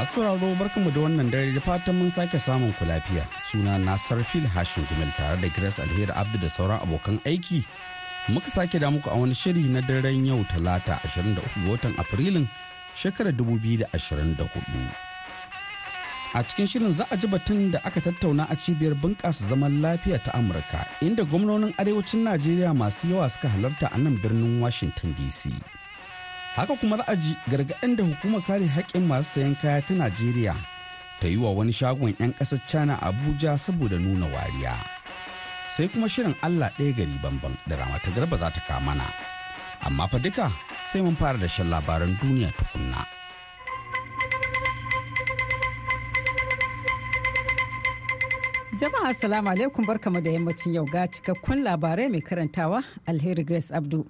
Masu sauraro barkanmu da wannan dare da fatan mun sake samun ku lafiya. Suna na Sarfil Hashin Gumel tare da Grace Alheri Abdu da sauran abokan aiki. Muka sake da muku a wani shiri na daren yau Talata 23 ga watan Afrilun shekarar 2024. A cikin shirin za a ji batun da aka tattauna a cibiyar bunƙasa zaman lafiya ta Amurka inda gwamnonin arewacin Najeriya masu yawa suka halarta a nan birnin Washington DC. haka kuma za a ji gargaɗin da hukumar kare haƙƙin masu sayan kaya ta najeriya ta yi wa wani shagon 'yan ƙasar china abuja saboda nuna wariya sai kuma shirin allah ɗaya gari bamban da ramata garba za ta kamana amma fa duka sai mun fara da shan labaran duniya tukunna jama'a assalamu alaikum barkamu da yammacin yau ga cikakkun labarai mai karantawa alheri grace abdu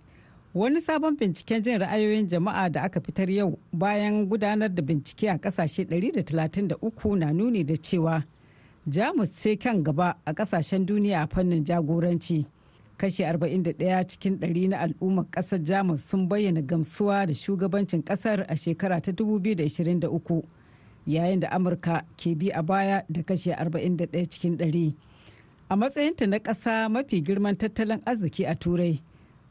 Wani sabon binciken jin ra'ayoyin jama'a da aka fitar yau bayan gudanar da bincike a kasashe 133 na nuni da cewa Jamus sai kan gaba a kasashen duniya a fannin jagoranci. Kashi 41 cikin 100 na al'ummar kasar Jamus sun bayyana gamsuwa da shugabancin kasar a shekara ta 2023 yayin da Amurka ke bi a baya da kashi 41 cikin 100. A matsayinta na ƙasa mafi girman tattalin arziki a Turai.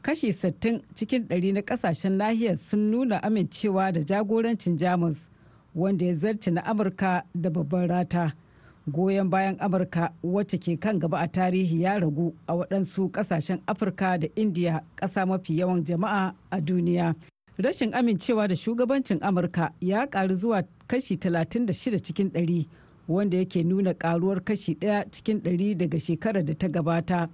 kashi 60 cikin 100 na kasashen nahiyar sun nuna amincewa da jagorancin jamus wanda ya zarce na amurka da babban rata goyon bayan amurka wacce ke kan gaba a tarihi ya ragu a waɗansu kasashen afirka da indiya ƙasa mafi yawan jama'a a duniya rashin amincewa da shugabancin amurka ya ƙaru zuwa kashi 36 cikin 100 wanda yake nuna karuwar kashi 1 cikin 100 daga shekarar da ta gabata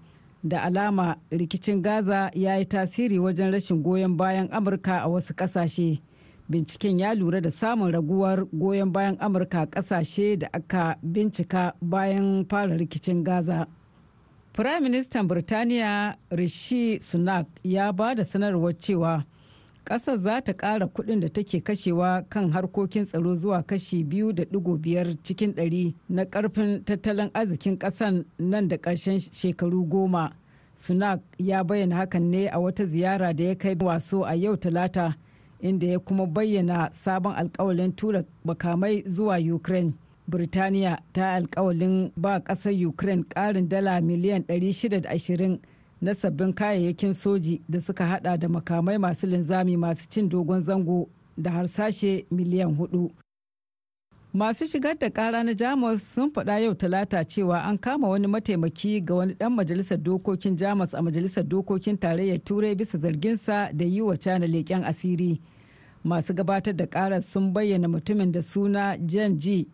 da alama rikicin gaza ya yi tasiri wajen rashin goyon bayan amurka a wasu kasashe binciken ya lura da samun raguwar goyon bayan amurka a kasashe da aka bincika bayan fara rikicin gaza firayim ministan Birtaniya Rishi Sunak ya ba da sanarwar cewa ƙasar za ta ƙara kuɗin da take kashewa kan harkokin tsaro zuwa kashi biyu da digo biyar cikin ɗari na ƙarfin tattalin arzikin ƙasar nan da ƙarshen shekaru goma. Sunak ya bayyana hakan ne a wata ziyara da ya kai waso a yau talata inda ya kuma bayyana sabon alkawalin tura makamai zuwa Ukraine. Birtaniya ta alkawalin ba ƙasar Ukraine ƙarin dala miliyan 620 na sabbin kayayyakin soji da suka hada da makamai masu linzami masu cin dogon zango da harsashe miliyan hudu. Masu shigar da kara na Jamus sun faɗa yau talata cewa an kama wani mataimaki ga wani ɗan majalisar dokokin Jamus a majalisar dokokin tarayyar Turai bisa zarginsa da yi wa cana leƙen asiri. Masu gabatar da ƙarar sun bayyana mutumin da suna Jan G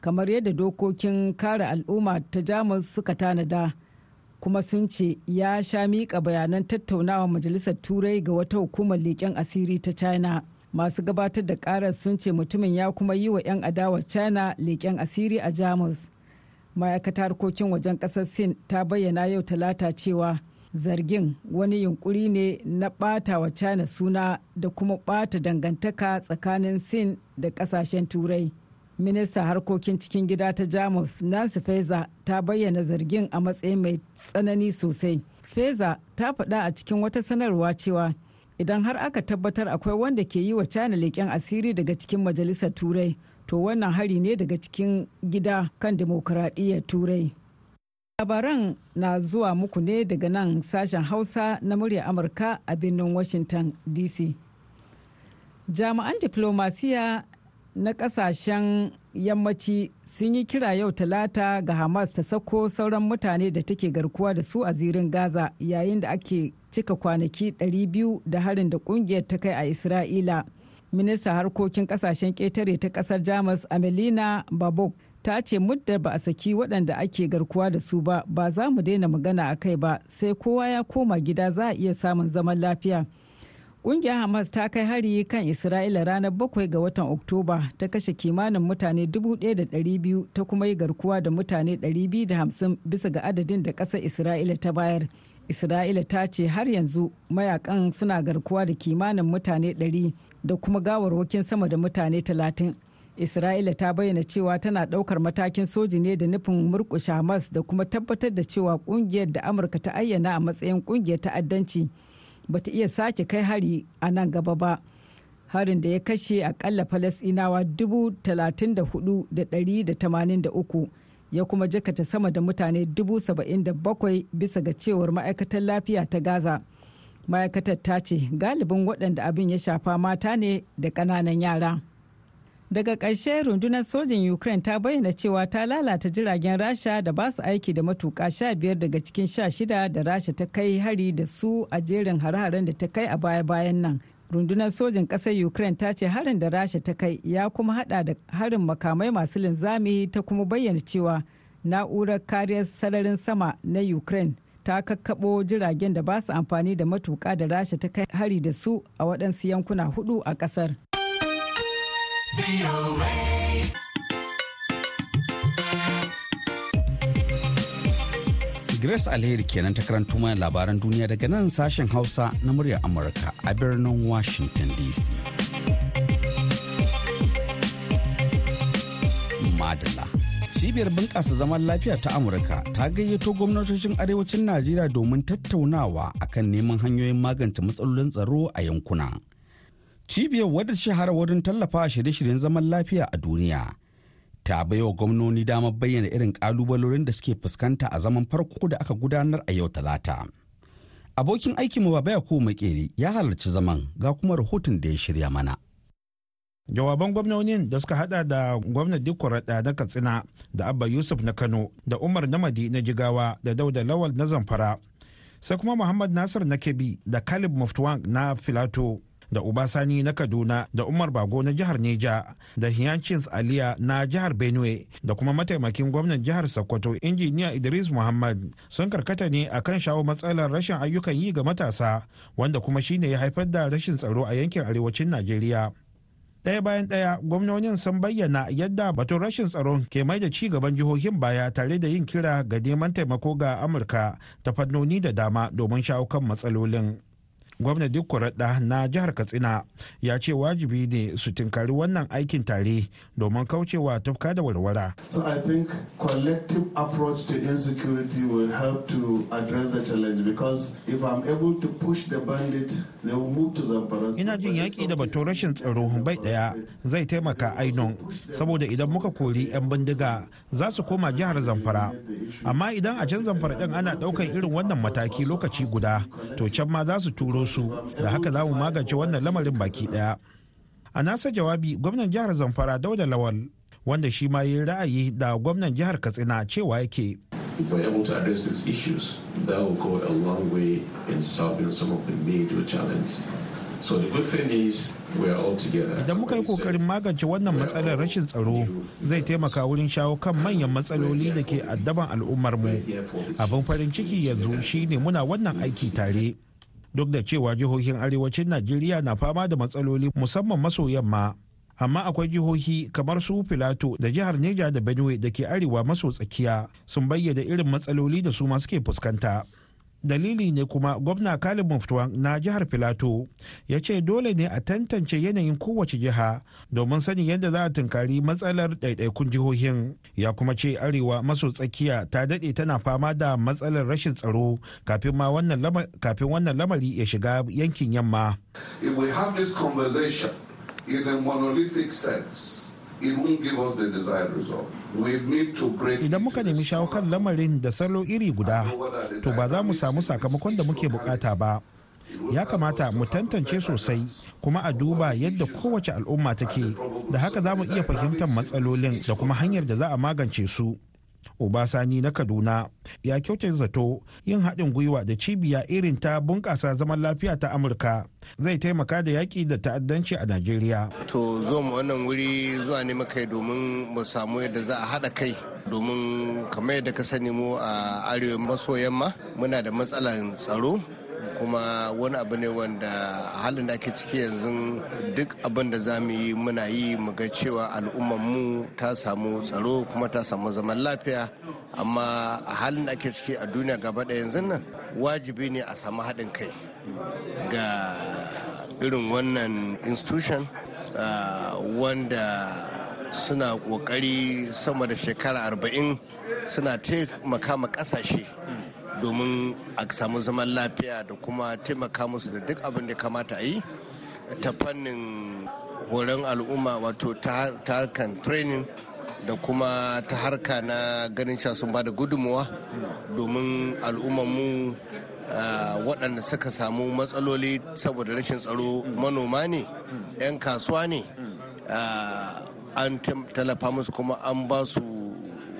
kamar yadda dokokin kare al'umma ta Jamus suka tanada. kuma sun ce ya sha miƙa bayanan tattaunawa majalisar turai ga wata hukumar leƙen asiri ta china masu gabatar da karar sun ce mutumin ya kuma yi wa 'yan adawa china leƙen asiri a jamus ma'aikatar harkokin wajen ƙasar sin ta bayyana yau talata cewa zargin wani yunkuri ne na ɓata wa china suna da kuma ɓata dangantaka tsakanin sin da ƙasashen turai Ministan harkokin cikin gida ta Jamus Nancy Feza ta bayyana zargin a matsayin mai tsanani sosai. Feza ta faɗa a cikin wata sanarwa cewa idan har aka tabbatar akwai wanda ke yi wa China leƙen asiri daga cikin Majalisar Turai, to wannan hari ne daga cikin gida kan demokuraɗiyyar Turai. Labaran na zuwa muku ne daga nan sashen Hausa na murya Amurka a birnin Washington DC. Jami'an diplomasiya na kasashen yammaci sun yi kira yau talata ga hamas ta sako sauran mutane da take garkuwa da su a zirin gaza yayin da ake cika kwanaki 200 da harin da kungiyar ta kai a isra'ila minista harkokin kasashen ƙetare ta ƙasar jamus amelina babok ta ce muddar ba a saki waɗanda ake garkuwa da su ba ba za mu daina magana a kai ba sai kowa ya koma gida za a iya samun zaman lafiya Ƙungiyar Hamas ta kai hari kan Isra'ila ranar bakwai ga watan Oktoba ta kashe kimanin mutane 1,200 ta kuma yi garkuwa da mutane 250 bisa ga adadin da ƙasar Isra'ila ta bayar. Isra'ila ta ce har yanzu mayakan suna garkuwa da kimanin mutane 100 da kuma gawarwakin sama da mutane 30. Isra'ila ta bayyana cewa tana ɗaukar matakin soji ne da nufin murƙushe Hamas da kuma tabbatar da cewa ƙungiyar da Amurka ta ayyana a matsayin ƙungiyar ta'addanci. bata iya sake kai hari a nan gaba ba harin da ya kashe akalla falasinawa 34,183 ya kuma jakata sama da mutane 77,000 bisa ga cewar ma'aikatar lafiya ta gaza ma'aikatar ta ce galibin waɗanda abin ya shafa mata ne da ƙananan yara. daga ƙarshe rundunar sojin ukraine ta bayyana cewa ta lalata jiragen rasha da ba su aiki da matuka sha biyar daga cikin sha shida da rasha ta kai hari da su a jerin hare-haren da ta kai a baya-bayan nan rundunar sojin ƙasar ukraine ta ce harin da rasha ta kai ya kuma hada da harin makamai masu linzami ta kuma bayyana cewa na'urar kariyar sararin sama na ukraine ta kakkabo jiragen da ba su amfani da matuƙa da rasha ta kai hari da su a waɗansu yankuna hudu a ƙasar. Grace Alheri kenan ta karanto mana labaran duniya daga nan sashen Hausa na muryar Amurka a birnin Washington DC. Madala. Cibiyar bunƙasa zaman lafiya ta Amurka ta gayyato gwamnatocin arewacin Najeriya domin tattaunawa akan neman hanyoyin magance matsalolin tsaro a yankuna. cibiyar wadda shahara wurin tallafa shirye-shiryen zaman lafiya a duniya ta baiwa gwamnoni damar bayyana irin kalubalorin da suke fuskanta a zaman farko da aka gudanar a yau talata abokin aikin mu ko yakubu makeri ya halarci zaman ga kuma rahoton da ya shirya mana jawaban gwamnonin da suka hada da gwamnan dikwarada na katsina da abba yusuf na kano da umar namadi na jigawa da dauda lawal na zamfara sai kuma muhammad nasir na kebi da kalib muftuwan na filato da Ubasani na Kaduna da Umar Bago na jihar Neja da Hiyancins Aliya na jihar Benue da kuma mataimakin gwamnan jihar Sokoto injiniya Idris Muhammad sun karkata ne a kan shawo matsalar rashin ayyukan yi ga matasa wanda kuma shine ya haifar da rashin tsaro a yankin arewacin Najeriya. ɗaya bayan ɗaya gwamnonin sun bayyana yadda batun rashin tsaron ke mai da ci gaban jihohin baya tare da yin kira ga neman taimako ga amurka ta fannoni da dama domin shawo kan matsalolin gwamna duk na jihar katsina ya ce wajibi ne su tinkari wannan aikin tare domin kaucewa tafka da walwala. so i think collective approach to insecurity will help to address the challenge because if i'm able to push the bandit ina jin yaƙi da batun rashin tsaro bai ɗaya zai taimaka ainon saboda idan muka kori 'yan bindiga za su koma jihar zamfara amma idan a can zamfara ɗin ana ɗaukar irin wannan mataki lokaci guda to can ma za su turo su da haka za mu magance wannan lamarin baki ɗaya a nasa jawabi gwamnan jihar zamfara dauda lawal wanda shi ma yi ra'ayi da gwamnan jihar katsina cewa yake If we're able to address these issues, that will go a long way in solving some of the major challenges. So the good thing is Idan muka yi kokarin magance wannan matsalar rashin tsaro zai taimaka wurin shawo kan manyan matsaloli da ke addaban al'ummarmu. Abin farin ciki yanzu shine muna wannan aiki tare. Duk da cewa jihohin arewacin Najeriya na fama da matsaloli musamman maso yamma. amma akwai jihohi kamar su filato da jihar neja da benue da ke arewa maso tsakiya sun bayyana irin matsaloli da su ma suke fuskanta dalili ne kuma gwamna kalin muftuwan na jihar filato ya ce dole ne a tantance yanayin kowace jiha domin sanin yadda za a tunkari matsalar ɗaiɗaikun jihohin ya kuma ce arewa maso tsakiya ta daɗe tana fama da matsalar rashin tsaro kafin wannan lamari ya shiga yankin yamma in a monolithic sense Idan muka nemi shawo kan lamarin da salo iri guda, to ba za mu samu sakamakon da muke bukata ba. Ya kamata mu tantance sosai kuma a duba yadda kowace al'umma take, da haka za mu iya fahimtar matsalolin da kuma hanyar da za a magance su. Obasani na Kaduna ya kyauta zato yin haɗin gwiwa da cibiya irin ta bunƙasa zaman lafiya ta Amurka zai taimaka da yaƙi da ta'addanci a Najeriya. To zo mu wannan wuri zuwa ne kai domin mu samu yadda za a haɗa kai domin kamar yadda ka sani mu a arewa maso yamma muna da matsalar tsaro kuma wani abu ne wanda halin da ake ciki yanzu duk abin da za mu yi muna yi mu ga cewa al'ummar mu ta samu tsaro kuma ta samu zaman lafiya amma halin da ake ciki a duniya gaba da yanzu nan wajibi ne a samu haɗin kai ga irin wannan institution ah, wanda suna ƙoƙari sama da shekara arba'in suna taimaka ma ƙasashe domin a samu zaman lafiya da kuma taimaka musu da duk abin da kamata a yi ta fannin horon al'umma wato ta harkar training da kuma ta harka na ganin cewa sun ba da gudunmuwa domin al'ummanmu ah, waɗanda suka samu matsaloli saboda rashin tsaro manoma ne 'yan kasuwa ne ah, an tallafa musu kuma an ba su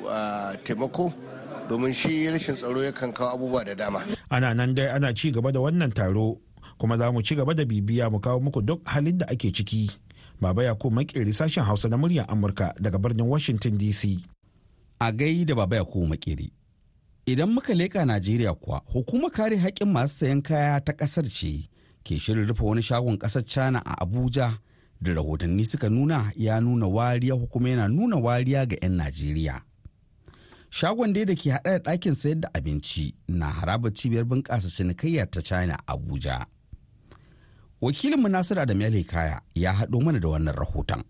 ah, taimako domin shi rashin tsaro yakan kawo abubuwa da dama ana nan dai ana ci gaba da wannan taro kuma za mu ci gaba da bibiya mu kawo muku duk halin da ake ciki baba yakubu makeri sashen hausa na muryar amurka daga birnin washington dc a gai da baba yakubu makeri idan muka leka najeriya kuwa hukumar kare haƙƙin masu sayan kaya ta ƙasar ce ke shirin rufe wani shagon ƙasar china a abuja da rahotanni suka nuna ya nuna wariya hukuma yana nuna wariya ga 'yan najeriya shagon dai da ke haɗa da ɗakin sayar da abinci na harabar cibiyar bunƙasa cinikayya ta china abuja wakilinmu nasiru adam kaya ya haɗo mana da wannan rahoton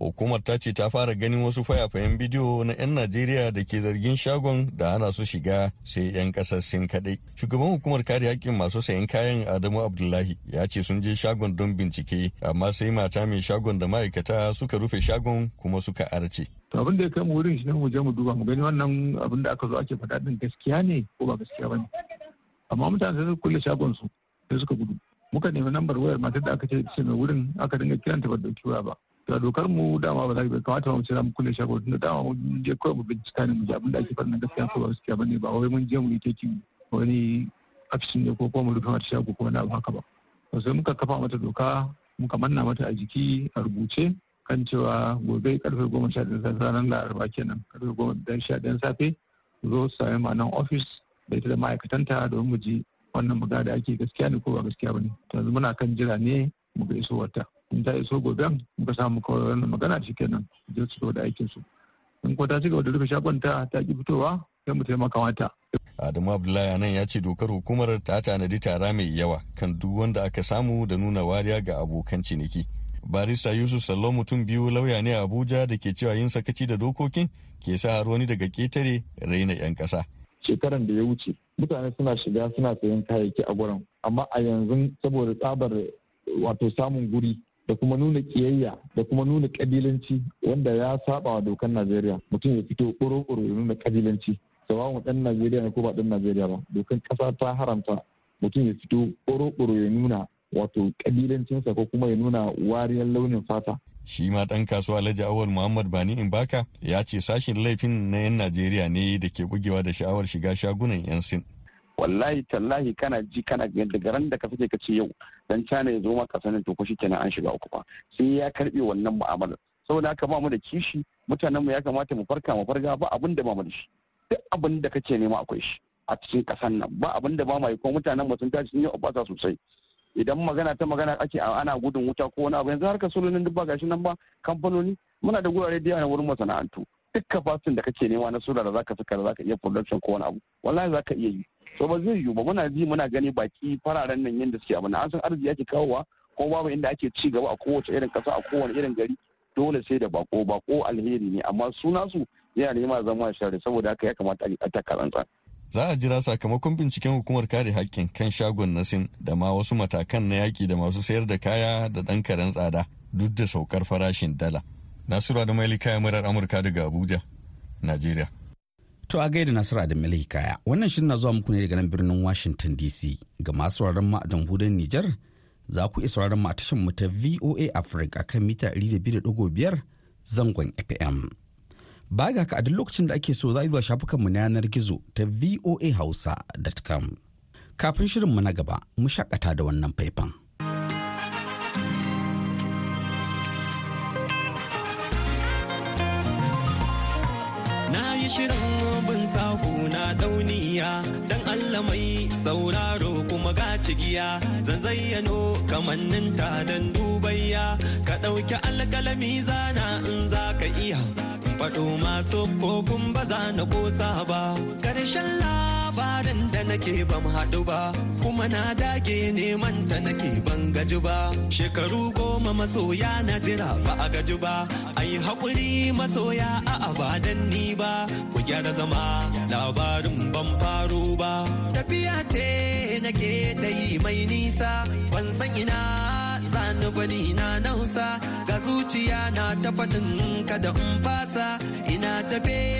hukumar ta ce ta fara ganin wasu fayafayen bidiyo na 'yan najeriya da ke zargin shagon da ana su shiga sai 'yan kasar sin kaɗai shugaban hukumar kare haƙƙin masu sayan kayan adamu abdullahi ya ce sun je shagon don bincike amma sai mata mai shagon da ma'aikata suka rufe shagon kuma suka arce abin da ya kai mu wurin shi ne mu je mu duba mu gani wannan abin da aka zo ake faɗa din gaskiya ne ko ba gaskiya ba ne amma mutane sai kulle shagon su sai suka gudu muka nemi lambar wayar matar da aka ce mai wurin aka dinga kiranta ba dauki waya ba da dokar mu dama ba za ka kamata mu ce mu kulle shago tunda dama mun je kawai mu bincika ne mu ji abin da ake faɗin gaskiya ko ba gaskiya bane ba wai mun je mu yi taking wani afishin ne ko kuma mu rufe mata shago ko wani abu haka ba to sai muka kafa mata doka muka manna mata a jiki a rubuce kan cewa gobe karfe goma sha ɗaya safe ranar laraba kenan karfe goma da sha ɗaya safe zo su sami ma ofis da ita da ma'aikatanta domin mu ji wannan magana da ake gaskiya ne ko ba gaskiya ba ne yanzu muna kan jira ne mu ga wata. in ta iso goben muka samu kawai magana shi kenan nan su da aikin su in ko ta ci gaba da rufe shagon ta ta ki fitowa sai mu taimaka mata. Adamu Abdullahi nan ya ce dokar hukumar ta tanadi tara mai yawa kan duk wanda aka samu da nuna wariya ga abokan ciniki. Barista Yusuf Sallo mutum biyu lauya ne a Abuja da ke cewa yin sakaci da dokokin ke sa har wani daga ketare raina 'yan ƙasa. Shekaran da ya wuce mutane suna shiga suna sayan kayayyaki a gurin amma a yanzu saboda tsabar wato samun guri da kuma nuna kiyayya da kuma nuna kabilanci wanda ya saba wa dokar Najeriya mutum ya fito ƙoro-ƙoro ya nuna kabilanci sawawun ɗan Najeriya ne ko ba ɗan Najeriya ba dokan ƙasa ta haramta mutum ya fito ƙoro-ƙoro ya nuna wato kabilancinsa ko kuma ya nuna wariyar launin fata. Shi ma ɗan kasuwa Alhaji Awal Muhammad Bani in Imbaka ya ce sashin laifin na 'yan Najeriya ne da ke bugewa da sha'awar shiga shagunan 'yan Sin. wallahi tallahi kana ji kana da garan da ka fice ka ce yau dan cana ya zo maka sanin to ko kenan an shiga uku fa sai ya karbe wannan mu'amala saboda haka ba mu da kishi mutanen mu ya kamata mu farka mu farga ba abin da ba mu da shi duk abin da kace nema akwai shi a cikin kasan nan ba abin da ba mu ko mutanen mu sun tashi sun yi obasa sosai idan magana ta magana ake ana gudun wuta ko wani abu yanzu harkar solonin duk ba gashi nan ba kamfanoni muna da gurare da yawa wurin masana'antu duk kafasin da kake nema na sura da zaka saka da zaka iya production ko wani abu wallahi zaka iya yi to ba zai yiwu ba muna ji muna gani baki fararen nan yadda suke abin an san arziki ake kawowa ko babu inda ake ci gaba a kowace irin kasa a kowane irin gari dole sai da bako bako alheri ne amma suna su yana nema zama share saboda haka ya kamata a taka za a jira sakamakon binciken hukumar kare hakkin kan shagon nasin da ma wasu matakan na yaki da masu sayar da kaya da ɗan karen tsada duk da saukar farashin dala nasiru da mailika murar amurka daga abuja najeriya To a gaida Nasiru Adam Mili Kaya, wannan shirin na zuwa muku ne daga nan birnin Washington DC. Ga masu sauraron mu a jamhuriyar Nijar, za ku iya sauraron mu a tashar mu ta VOA Africa kan mita biyar zangon FM. Ba ga ka a duk lokacin da ake so za a zuwa shafukanmu na yanar gizo ta voahausa.com. Kafin shirin mu na gaba, mu shakata da wannan faifan. yi shirin bin sahu na dauniya dan Allah mai sauraro kuma ga cigiya zan zayyano kamannin ta dan dubayya ka ɗauki alkalami zana in za ka iya faɗo masu kofin baza na ƙosa ba ƙarshen la labarin da nake ban haɗu ba kuma na dage neman ta nake ban gaji ba shekaru goma masoya na jira ba a gaji ba ayi haƙuri masoya a abadan ni ba ku gyara zama labarin ban faru ba tafiya ce nake ta yi mai nisa ban san ina zani bani na nausa ga zuciya na ta faɗin kada in fasa ina tafe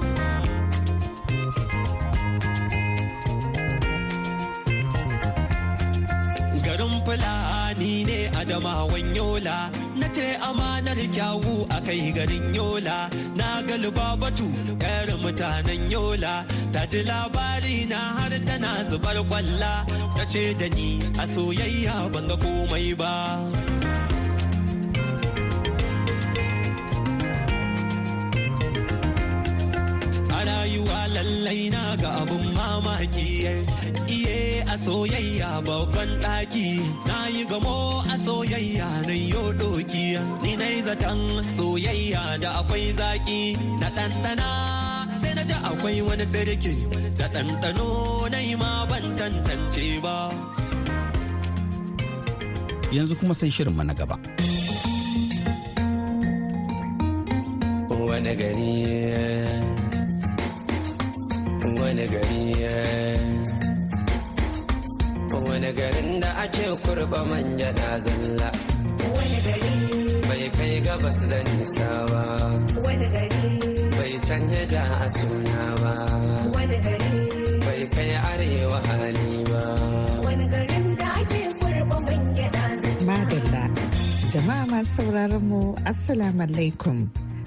da mawan yola na ce amanar kyawu a kai garin yola na ga lubabatu yar mutanen yola ta ji labari na har tana zubar kwalla ta ce da ni a soyayya ban ga komai ba lallai na ga abun mamaki iye a soyayya babban ɗaki na yi gamo a soyayya na yo doki ni na zaton soyayya da akwai zaki na ɗanɗana sai na ji akwai wani sarki da ɗanɗano na yi ma ban tantance ba yanzu kuma sai shirinmu na gaba wani gari wani gari eh. wani garin da ake kurba manja na zalla wani gari bai kai gabas da nisa ba wani gari bai canja ja a suna ba wani gari bai kai arewa hali ba wani garin da ake kurba manja na zalla madalla jama'a masu sauraron mu assalamu alaikum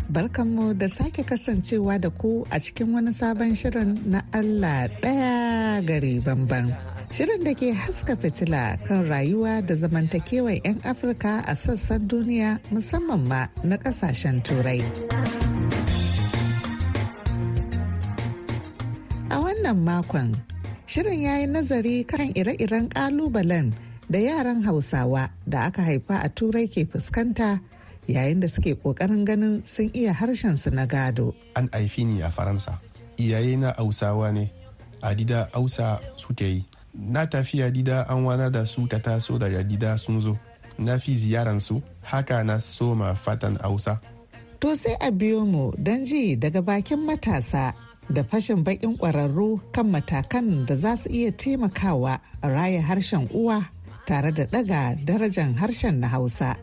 Barkanmu da sake kasancewa da ku a cikin wani sabon shirin na Allah ɗaya gari bamban. Shirin da ke haska fitila kan rayuwa da zamantakewar 'yan Afirka a sassan duniya musamman ma na ƙasashen Turai. A wannan makon, shirin ya yi nazari kan ire-iren ƙalubalen da yaran Hausawa da aka haifa a Turai ke fuskanta. yayin da suke kokarin ganin sun iya harshen su na gado. An haifi ni a Faransa, iyaye na Hausawa ne, a dida Hausa ta yi. Na tafiya dida an wana da su ta taso daga dida sun zo. Na fi ziyaran su, haka na soma fatan Hausa. To sai a biyo mu don ji daga bakin matasa da fashin bakin kwararru kan matakan da za su iya taimakawa raya harshen uwa tare da daga darajar harshen na Hausa.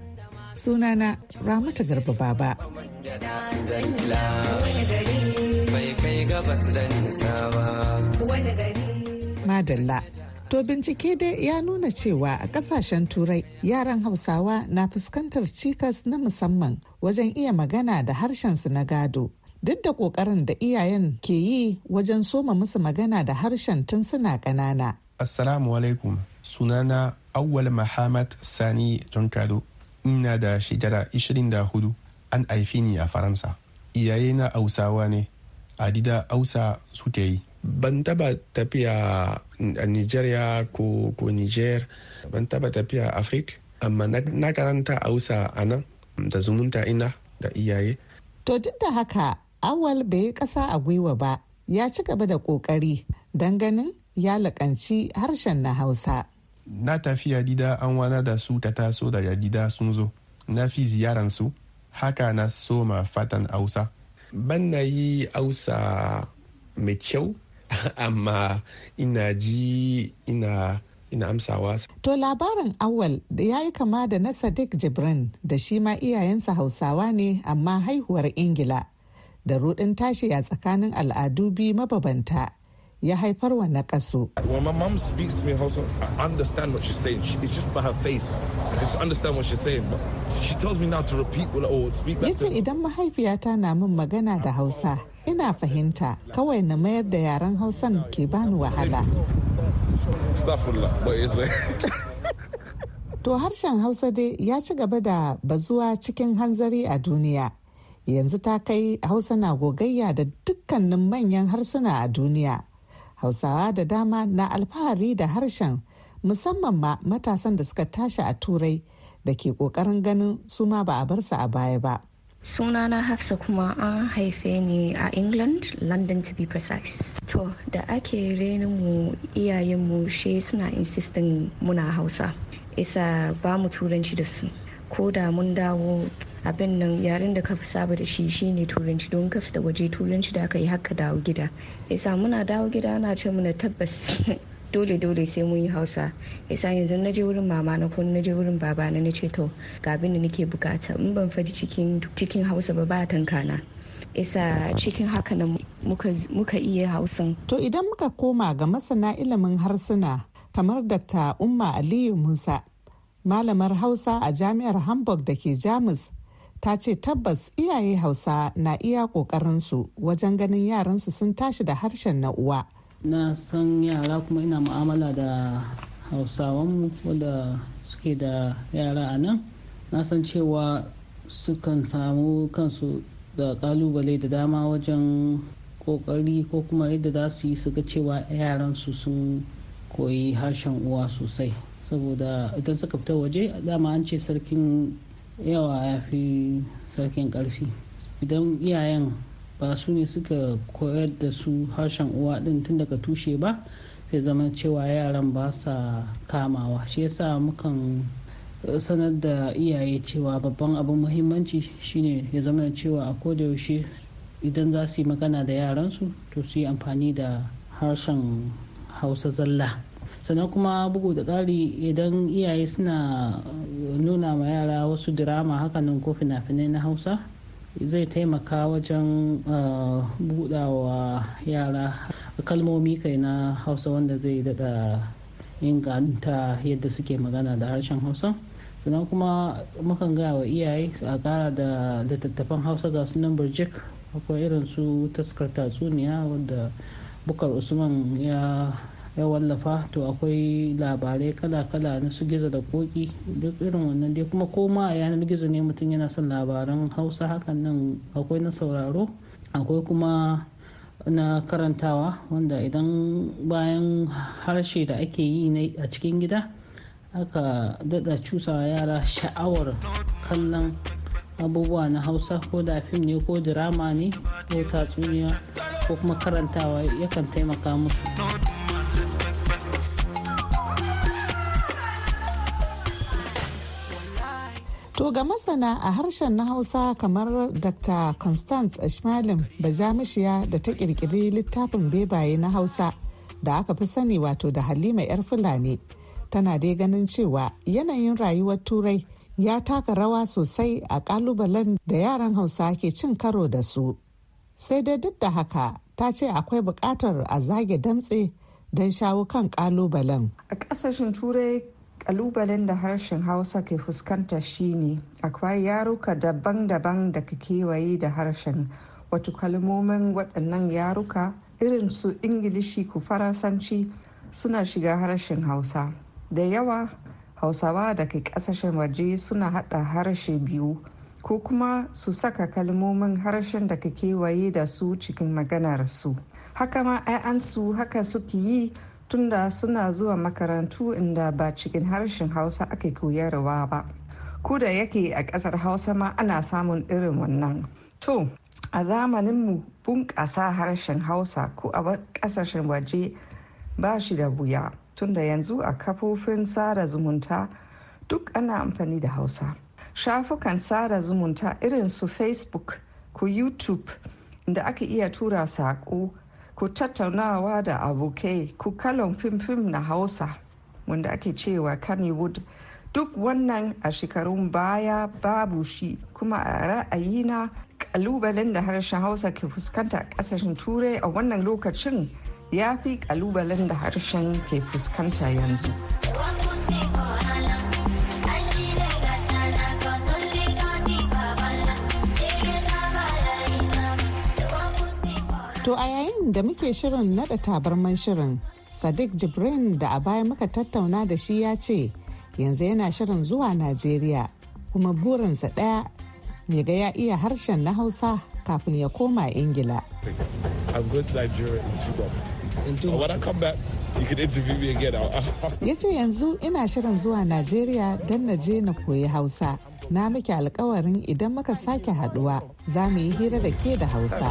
sunana ramata garba baba madalla to bincike dai ya nuna cewa a kasashen turai yaran hausawa na fuskantar cikas na musamman wajen iya magana da harshen su na gado duk da kokarin da iyayen ke yi wajen soma musu magana da harshen tun suna ƙanana assalamu alaikum sunana awwal muhammad sani jankado ina da shekara 24 an haifi ni a faransa iyaye na hausawa ne a dida hausa suke yi ban taba tafiya a nigeria ko ko niger ban taba tafiya a afirka amma na karanta hausa a nan da zumunta ina da iyaye to duk da haka awal bai yi kasa a gwiwa ba ya ci gaba da kokari don ganin ya lakanci harshen na hausa na tafi yadida an wana da su ta taso da yadida sun zo na fi ziyaran su haka na soma fatan hausa ban na yi hausa mai kyau amma ina ji ina ina amsawa. To labarin awal da ya yi kama da na Sadiq jibrin da shi ma iyayensa Hausawa ne amma haihuwar Ingila da rudin tashi a tsakanin al'adu biyu mababanta ya haifar wa nakasu. Yace idan mahaifiyata na min magana da Hausa, ina fahimta kawai na mayar da yaren Hausan ke bani wahala. To harshen Hausa dai ya ci gaba da bazuwa cikin hanzari a duniya. Yanzu ta kai Hausa na gogayya da dukkanin manyan harsuna a duniya. hausawa da dama na alfahari da harshen musamman ma matasan da suka tashi a turai da ke kokarin ganin su ma ba a bar su a baya ba. sunana hafsa kuma an haife ni a england london to be precise to da ake mu iyayenmu she suna insistin muna hausa isa ba mu turanci da su ko da mun dawo abin nan yaren da ka fi saba da shi shine turanci don ka fita waje turanci da aka yi haka dawo gida yasa muna dawo gida ana ce muna tabbas dole dole sai mun yi hausa yasa yanzu na je wurin mama na kun na je wurin baba na na ce to ga abin da nake bukata in ban faɗi cikin hausa ba ba tankana isa cikin haka nan muka, muka iya hausan. To idan muka koma ga masana ilimin harsuna kamar Dr. Umma Aliyu Musa, malamar Hausa a Jami'ar Hamburg da ke Jamus, ta ce tabbas iyaye hausa na iya ƙoƙarinsu wajen ganin yaransu sun tashi da harshen na uwa. na san yara kuma ina mu'amala da hausawanmu wadda suke da yara a nan na san cewa sukan samu kansu da kalubale da dama wajen kokari ko kuma yadda za su yi su ga cewa yaransu sun koyi harshen uwa sosai saboda idan suka fita waje dama an ce sarkin yawa ya fi sarkin karfi idan iyayen ba su ne suka koyar da su harshen uwa ɗin tun daga tushe ba sai zama cewa yaran ba sa kamawa shi yasa mukan sanar da iyaye cewa babban abin muhimmanci shine ya zama cewa a kodayaushe idan za su yi magana da yaransu to su yi amfani da harshen hausa zalla sannan kuma bugu da ƙari idan iyaye suna nuna ma yara wasu dirama hakanan ko fina-finai na hausa zai taimaka wajen eh, buɗawa yara kalmomi kai na hausa wanda zai daɗa inganta yadda suke magana da harshen hausa sannan kuma mukan gaya wa iyaye a ƙara da littattafan hausa ga sunan birjik akwai irin su taskar tatsuniya wadda bukar usman ya ya wallafa to akwai labarai kala-kala na su gizo da koki duk irin wannan dai kuma koma a yanar gizo ne mutum yana son labaran hausa hakan nan akwai na sauraro akwai kuma na karantawa wanda idan bayan harshe da ake yi a cikin gida aka dada cusawa yara sha'awar kallon abubuwa na hausa ko da fim ne ko dirama ne ko tatsuniya ko kuma karantawa yakan taimaka musu. ga masana a harshen na Hausa kamar Dr. Constance Ashmalin Bajamishiya da ta kirkiri littafin bebaye na Hausa da aka fi sani wato da Halima 'yar Fulani. Tana dai ganin cewa yanayin rayuwar Turai ya taka rawa sosai a kalubalen da yaran Hausa ke cin karo da su. Sai dai duk da haka ta ce akwai buƙatar a zage damtse don shawo kan kalubalen. A ƙasashen Turai kalubalen da harshen hausa ke fuskanta shine akwai yaruka daban-daban da ka kewaye da harshen wato kalmomin waɗannan yaruka irin su ingilishi ku faransanci suna shiga harshen hausa da yawa hausawa da ke ƙasashen waje suna haɗa harshe biyu ko kuma su saka kalmomin harshen da ka kewaye da su cikin maganarsu haka ma 'ya'yansu haka suke yi tunda suna zuwa makarantu inda ba cikin harshen hausa ake koyarwa ba ko da yake a ƙasar hausa ma ana samun irin wannan to a zamaninmu bunƙasa harshen hausa ko a ƙasashen waje ba shi da wuya tunda yanzu a kafofin sada zumunta duk ana amfani da hausa shafukan sada zumunta irin su facebook ko youtube da aka iya tura saƙo ku tattaunawa da abokai ku kalon fim-fim na hausa wanda ake cewa kannywood duk wannan a shekarun baya babu shi kuma a ra'ayina kalubalen da harshen hausa ke fuskanta a kasashen turai a wannan lokacin ya fi kalubalen da harshen ke fuskanta yanzu. To a yayin da muke shirin nada tabarman shirin, Sadiq Jibrin da a baya muka tattauna da shi ya ce yanzu yana shirin zuwa Najeriya kuma burinsa ɗaya ne ga ya iya harshen na Hausa kafin ya koma Ingila. Ya ce yanzu ina shirin zuwa Najeriya don na je na koyi Hausa. na miki alkawarin idan muka sake haduwa za mu yi hira da ke da hausa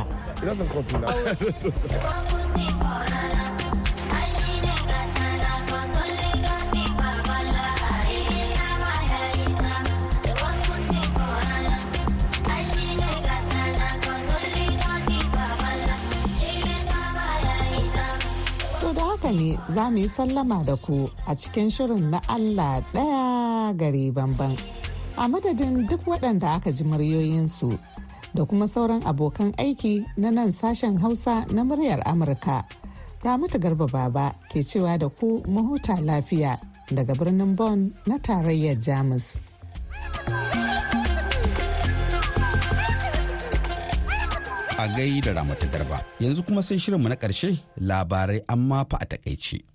haka ne za mu yi sallama da ku a cikin shirin na Allah ɗaya gari bamban a madadin duk waɗanda aka ji su da kuma sauran abokan aiki na nan sashen hausa na muryar amurka ramatu garba baba ke cewa da ku mahuta lafiya daga birnin Bon na tarayyar jamus a gai da ramatu garba yanzu kuma sai shirinmu na ƙarshe labarai amma fa a takaice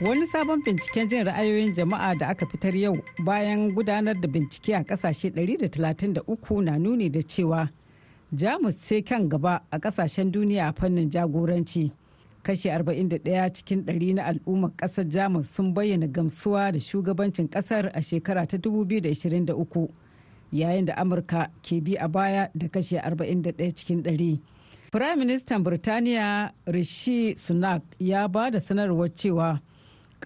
Wani sabon binciken jin ra'ayoyin jama'a da aka fitar yau bayan gudanar da bincike a kasashe 133 na nuni da cewa Jamus sai kan gaba a kasashen duniya a fannin jagoranci. Kashi 41 cikin 100 na al'ummar kasar Jamus sun bayyana gamsuwa da shugabancin kasar a shekara ta 2023 yayin da Amurka ke bi a baya da kashe 41 cikin 100. ministan Birtaniya Rishi Sunak ya ba da sanarwar cewa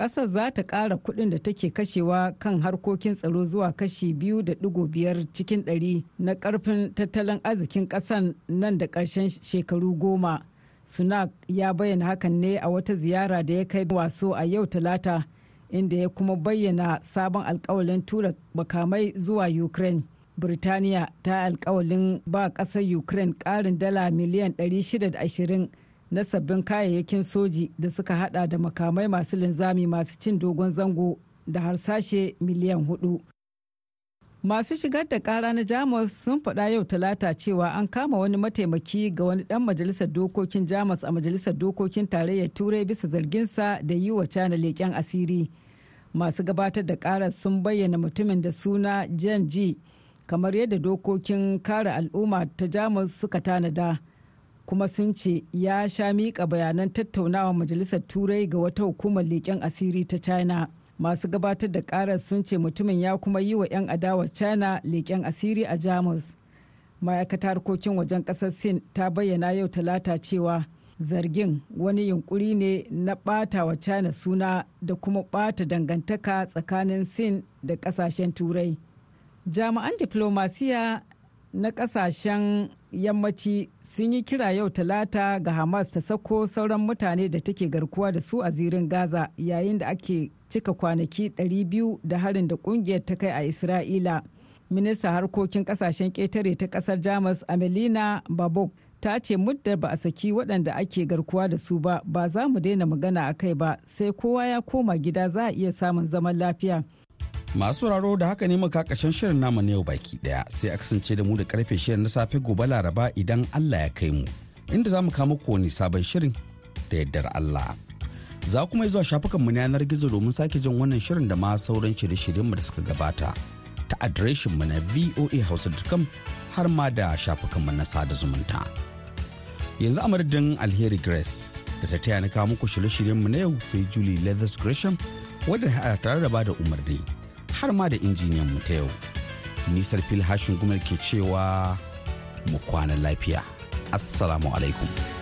ƙasar za ta ƙara kuɗin da take kashewa kan harkokin tsaro zuwa kashi biyu da digo biyar cikin ɗari na ƙarfin tattalin arzikin ƙasar nan da ƙarshen shekaru goma. Sunak ya bayyana hakan ne a wata ziyara da ya kai waso a yau talata inda ya kuma bayyana sabon alkawalin tura makamai zuwa Ukraine. Birtaniya ta alkawalin ba ƙasar Ukraine ƙarin dala miliyan 620 na sabbin kayayyakin soji da suka hada da makamai masu linzami masu cin dogon zango da harsashe miliyan hudu. Masu shigar da kara na Jamus sun faɗa yau talata cewa an kama wani mataimaki ga wani ɗan majalisar dokokin Jamus a majalisar dokokin tarayyar Turai bisa zarginsa da yi wa cana leƙen asiri. Masu gabatar da kara sun bayyana mutumin da suna Jan G kamar yadda dokokin kare al'umma ta Jamus suka tanada. kuma sun ce ya sha miƙa bayanan tattaunawa majalisar turai ga wata hukumar leƙen asiri ta china masu gabatar da karar sun ce mutumin ya kuma yi wa 'yan adawa china leƙen asiri a jamus ma'aikatar harkokin wajen ƙasar sin ta bayyana yau talata cewa zargin wani yunkuri ne na ɓata wa china suna da kuma ɓata dangantaka tsakanin sin da ƙasashen turai jami'an diflomasiya na kasashen yammaci sun yi kira yau talata ga hamas ta sako sauran mutane da take garkuwa da su a zirin gaza yayin da ake cika kwanaki 200 da harin da kungiyar ta kai a isra'ila minista harkokin kasashen ƙetare ta ƙasar jamus amelina babok ta ce muddar ba a saki waɗanda ake garkuwa da su ba ba za mu daina magana a kai ba sai kowa ya koma gida za a iya samun zaman lafiya Masu raro da haka ne muka kakashin shirin namu na yau baki daya sai a kasance da mu da karfe shirin na safe gobe laraba idan Allah ya kai mu inda zamu mu kama wani sabon shirin da yardar Allah. Za kuma zuwa shafukan mu yanar gizo domin sake jin wannan shirin da ma sauran shirye-shiryen mu da suka gabata ta adireshin mu na voahausa.com har ma da shafukan mu na sada zumunta. Yanzu a madadin Alheri Grace da ta taya na kawo muku shirye-shiryen mu na yau sai Julie Leathers Gresham wadda tare da bada umarni. har ma da injiniyan mu ta yau nisar fil hashin gumar ke cewa mu kwana lafiya assalamu alaikum